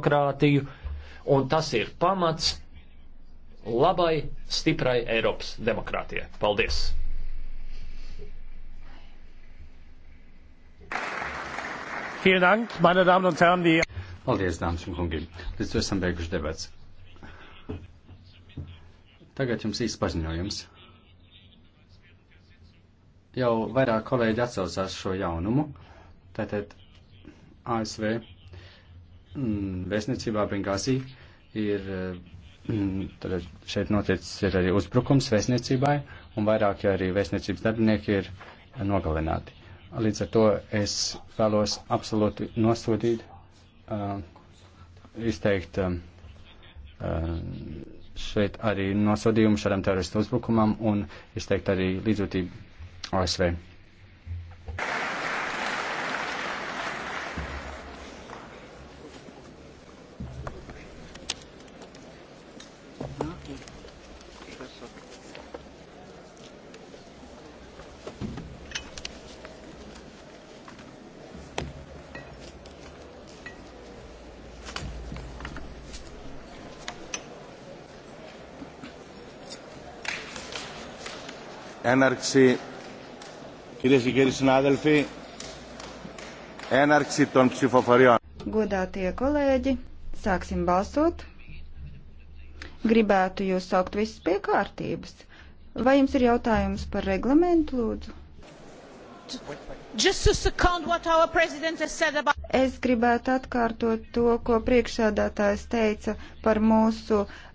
demokrātiju, un tas ir pamats labai, stiprai Eiropas demokrātijai. Paldies! Vielen Dank, meine Damen und Herren, die Paldies, dāmas un kungi. Līdz to esam beiguši debats. Tagad jums īsts paziņojums. Jau vairāk kolēģi atsaucās šo jaunumu. Tātad ASV mm, vēstniecībā Bengāzī ir, eh, mm, tad šeit noticis ir arī uzbrukums vēstniecībai, un vairāki arī vēstniecības darbinieki ir nogalināti. Līdz ar to es vēlos absolūti nosodīt, uh, izteikt uh, šeit arī nosodījumu šādam teroristu uzbrukumam un izteikt arī līdzjūtību ASV. έναρξη, κυρίες και κύριοι συνάδελφοι, έναρξη των ψηφοφοριών. Godātie kolēģi, sāksim balsot. Gribētu jūs saukt visus pie kārtības. Vai jums ir jautājums par reglamentu, lūdzu? Just to second what our president has said about... Es gribētu atkārtot to, ko priekšsēdētājs teica par mūsu uh,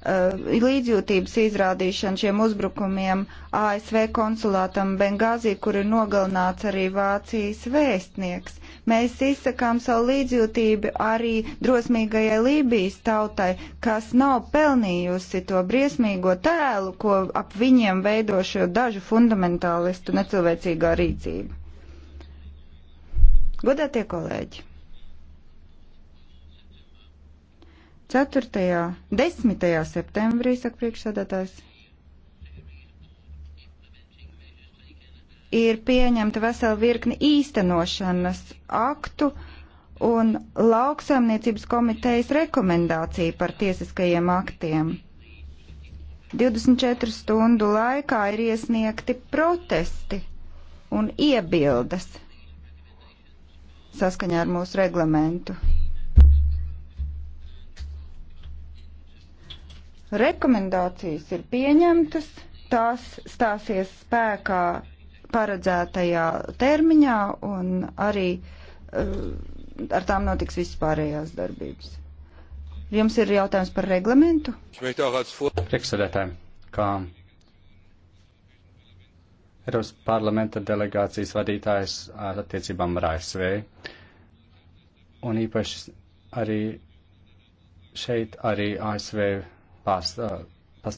līdzjūtības izrādīšanu šiem uzbrukumiem ASV konsulātam Bengāzī, kur ir nogalināts arī Vācijas vēstnieks. Mēs izsakām savu līdzjūtību arī drosmīgajai Lībijas tautai, kas nav pelnījusi to briesmīgo tēlu, ko ap viņiem veido šo dažu fundamentālistu necilvēcīgā rīcība. Godātie kolēģi! 4. 10. septembrī, saka priekšsēdētājs, ir pieņemta vesela virkni īstenošanas aktu un lauksaimniecības komitejas rekomendācija par tiesiskajiem aktiem. 24 stundu laikā ir iesniegti protesti un iebildes saskaņā ar mūsu reglamentu. Rekomendācijas ir pieņemtas, tās stāsies spēkā paredzētajā termiņā un arī uh, ar tām notiks viss pārējās darbības. Jums ir jautājums par reglamentu? Priekšsēdētājiem, kā Eiropas parlamenta delegācijas vadītājs ar attiecībām ar ASV un īpaši arī šeit arī ASV pārstāv,